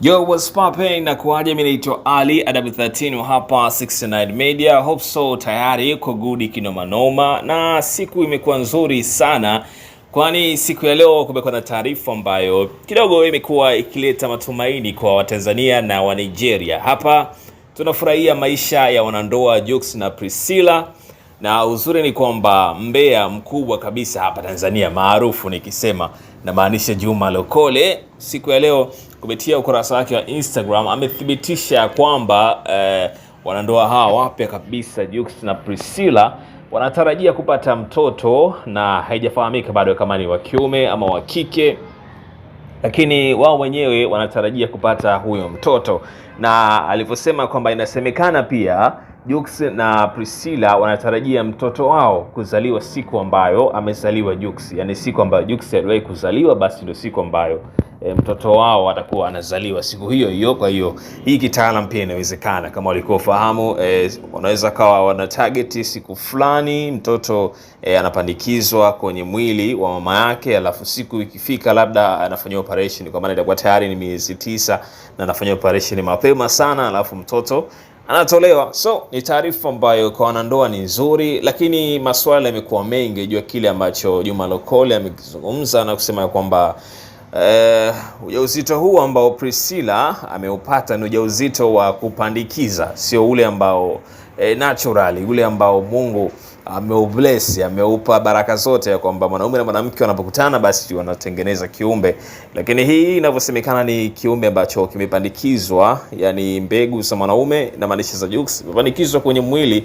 Yo, what's poppin na kuwaje? Mimi naitwa Ali Adabu 13 hapa 69 Media. Hope so tayari uko good kinomanoma na siku imekuwa nzuri sana kwani siku ya leo kumekuwa na taarifa ambayo kidogo imekuwa ikileta matumaini kwa Watanzania na Wanigeria. Hapa tunafurahia maisha ya wanandoa Jux na Priscilla na uzuri ni kwamba mbea mkubwa kabisa hapa Tanzania maarufu nikisema namaanisha Juma Lokole siku ya leo kupitia ukurasa wake wa Instagram amethibitisha kwamba eh, wanandoa hawa wapya kabisa Jux na Priscilla wanatarajia kupata mtoto na haijafahamika bado kama ni wa kiume ama wa kike, lakini wao wenyewe wanatarajia kupata huyo mtoto, na alivyosema kwamba inasemekana pia Jux na Priscilla wanatarajia mtoto wao kuzaliwa siku ambayo amezaliwa Jux, yani siku ambayo Jux aliwahi kuzaliwa, basi ndio siku ambayo e, mtoto wao atakuwa anazaliwa siku hiyo hiyo. Kwa hiyo hii kitaalam pia inawezekana kama walikuwa e, eh, wanaweza kawa wana target siku fulani mtoto e, anapandikizwa kwenye mwili wa mama yake, alafu siku ikifika labda anafanyia operation, kwa maana itakuwa tayari ni miezi tisa na anafanyia operation mapema sana, alafu mtoto anatolewa. So ni taarifa ambayo kwa wanandoa ni nzuri, lakini maswala yamekuwa mengi juu ya kile ambacho Juma Lokole amekizungumza na kusema ya kwamba Uh, ujauzito huu ambao Priscilla ameupata ni ujauzito wa kupandikiza, sio ule ambao eh, naturally ule ambao Mungu ameubles ameupa baraka zote ya kwamba mwanaume na mwanamke wanapokutana basi wanatengeneza kiumbe, lakini hii inavyosemekana ni kiumbe ambacho kimepandikizwa, yani mbegu za mwanaume na maanisha za juks zimepandikizwa kwenye mwili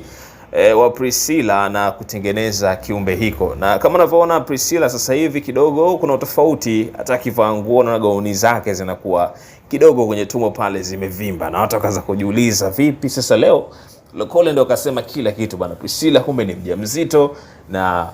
E, wa Priscilla na kutengeneza kiumbe hiko, na kama unavyoona Priscilla sasa hivi kidogo kuna utofauti, hata akivaa nguo na gauni zake zinakuwa kidogo kwenye tumbo pale zimevimba, na watu wakaanza kujiuliza vipi sasa leo Lokole ndo akasema kila kitu bwana. Priscilla kumbe ni mjamzito na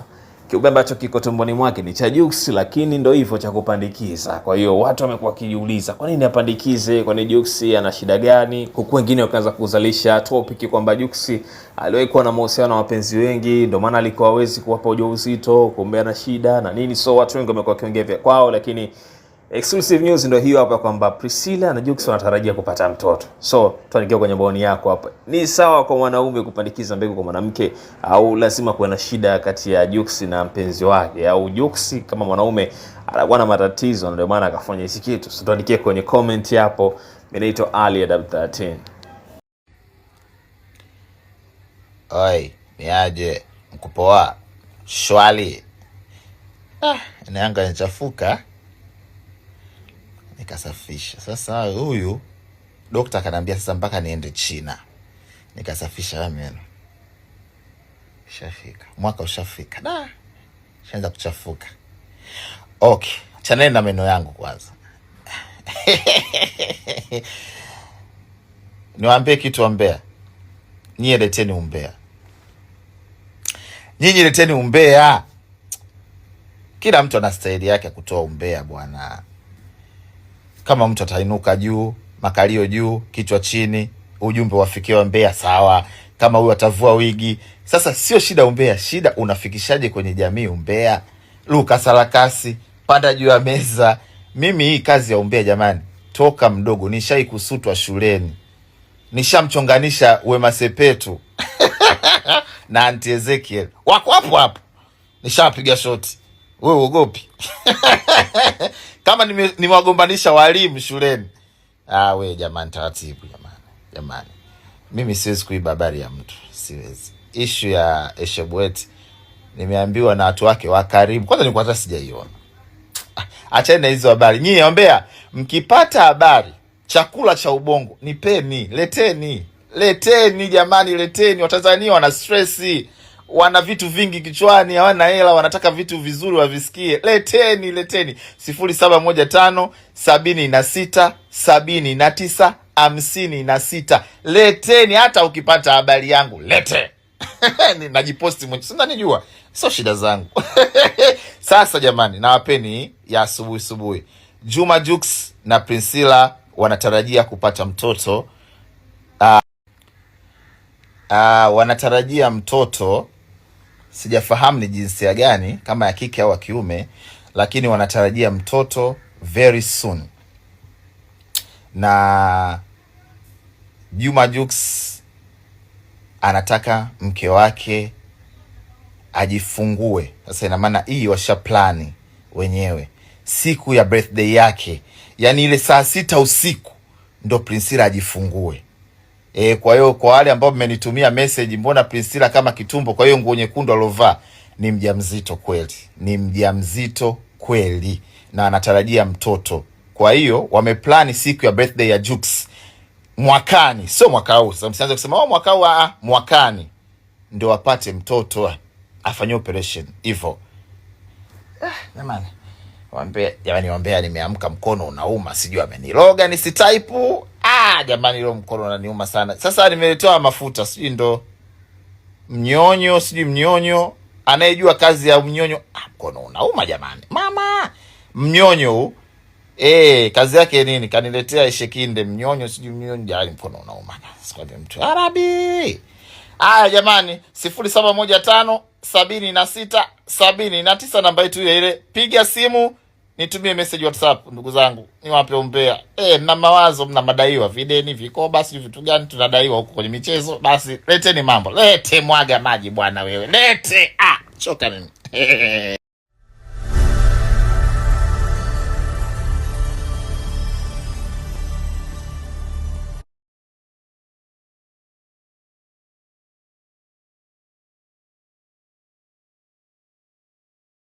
kiumbe ambacho kiko tumboni mwake ni cha Jux, lakini ndo hivyo cha kupandikiza. Kwa hiyo watu wamekuwa wakijiuliza kwa nini apandikize, kwa nini Jux ana shida gani? Huku wengine wakaanza kuzalisha topic kwamba Jux aliwahi kuwa na mahusiano na wapenzi wengi, ndio maana alikuwa hawezi kuwapa ujauzito, kumbe ana shida na nini. So watu wengi wamekuwa wakiongea kwao, lakini Exclusive news ndio hiyo hapa kwamba Priscilla na Jux wanatarajia kupata mtoto. So, tuandikia kwenye maoni yako hapa. Ni sawa kwa mwanaume kupandikiza mbegu kwa mwanamke au lazima kuwe na shida kati ya Jux na mpenzi wake au Jux kama mwanaume anakuwa na matatizo ndio maana akafanya hiki kitu. So, tuandikie kwenye comment hapo. Mimi naitwa Ali Adam 13. Oi, niaje? Mkupoa. Shwali. Ah, inaanga inachafuka nikasafisha. Sasa huyu dokta akaniambia sasa mpaka niende China, nikasafisha meno. Shafika mwaka ushafika, da shaanza kuchafuka. ok chanene na meno yangu kwanza. Niwaambie kitu wambea nyie leteni umbea, nyinyi leteni umbea. Kila mtu ana staili yake ya kutoa umbea bwana kama mtu atainuka juu, makalio juu, kichwa chini, ujumbe wa mbea sawa, kama huyu atavua wigi. Sasa sio shida umbea, shida unafikishaje kwenye jamii umbea. Luka sarakasi, panda juu ya meza. Mimi hii kazi ya umbea jamani, toka mdogo nishai kusutwa shuleni, nishamchonganisha Wema Sepetu na anti Ezekiel wako hapo hapo, nishapiga shoti. Wewe uogopi? kama nimewagombanisha walimu shuleni. Ah, we jamani, taratibu jamani, jamani, mimi siwezi kuiba habari ya mtu, siwezi. Ishu ya eshebwet nimeambiwa na watu wake wa karibu, kwanza ni hata sijaiona. Acheni na hizo habari nyie, ombea mkipata habari, chakula cha ubongo nipeni, leteni, leteni jamani, leteni. Watanzania wana stress wana vitu vingi kichwani, hawana hela, wanataka vitu vizuri wavisikie. Leteni, leteni sifuri saba moja tano sabini na sita sabini na tisa hamsini na sita. Leteni hata ukipata habari yangu lete najiposti mwenye sinanijua, sio shida zangu Sasa jamani, nawapeni ya asubuhi subuhi. Juma Jux na Priscilla wanatarajia kupata mtoto. Uh, uh, wanatarajia mtoto sijafahamu ni jinsia gani, kama ya kike au ya kiume, lakini wanatarajia mtoto very soon. Na Juma Jux anataka mke wake ajifungue. Sasa ina maana hii washa plani wenyewe siku ya birthday yake, yaani ile saa sita usiku ndo prinsila ajifungue. E, kwa hiyo kwa wale ambao mmenitumia message, mbona Priscilla kama kitumbo? Kwa hiyo nguo nyekundu alovaa ni mjamzito kweli, ni mjamzito kweli na anatarajia mtoto. Kwa hiyo wameplani siku ya birthday ya Jux mwakani, sio mwaka huu. Sasa msianze kusema oh, mwaka huu, a ah, ah, mwakani ndio apate mtoto afanye operation hivyo. Ah, jamani wambea, jamani wambea, nimeamka mkono unauma, sijui ameniroga nisitaipu Ah, jamani, ilo mkono unaniuma sana. Sasa nimeletewa mafuta, sijui ndo mnyonyo, sijui mnyonyo. Anayejua kazi ya mnyonyo, ah, mkono unauma jamani, mama mnyonyo huu Eh, kazi yake nini? Kaniletea ishekinde mnyonyo sijui mnyonyo jamani, mkono unauma. Sikwambia mtu. Arabi. Aya jamani, sabini na tisa namba yetu ile. Piga simu nitumie message WhatsApp, ndugu zangu, niwape umbea eh, mna mawazo, mna madaiwa videni, viko basi vitu gani tunadaiwa huko kwenye michezo, basi leteni mambo, lete mwaga maji bwana, wewe lete ah, choka mimi